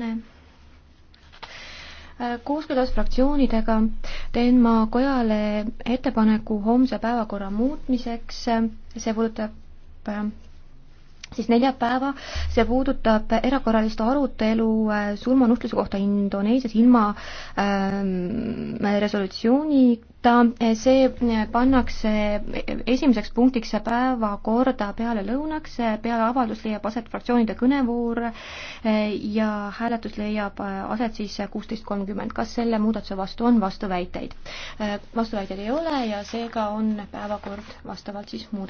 Äh, koostöös fraktsioonidega teen ma kojale ettepaneku homse päevakorra muutmiseks, see puudutab äh, siis neljapäeva, see puudutab erakorralist arutelu äh, surmanuhtluse kohta Indoneesias ilma ähm, resolutsiooni võtta, see pannakse esimeseks punktiks päevakorda peale lõunaks, peale avaldust leiab aset fraktsioonide kõnevoor ja hääletus leiab aset siis kuusteist kolmkümmend. kas selle muudatuse vastu on vastuväiteid? vastuväiteid ei ole ja seega on päevakord vastavalt siis muudetud.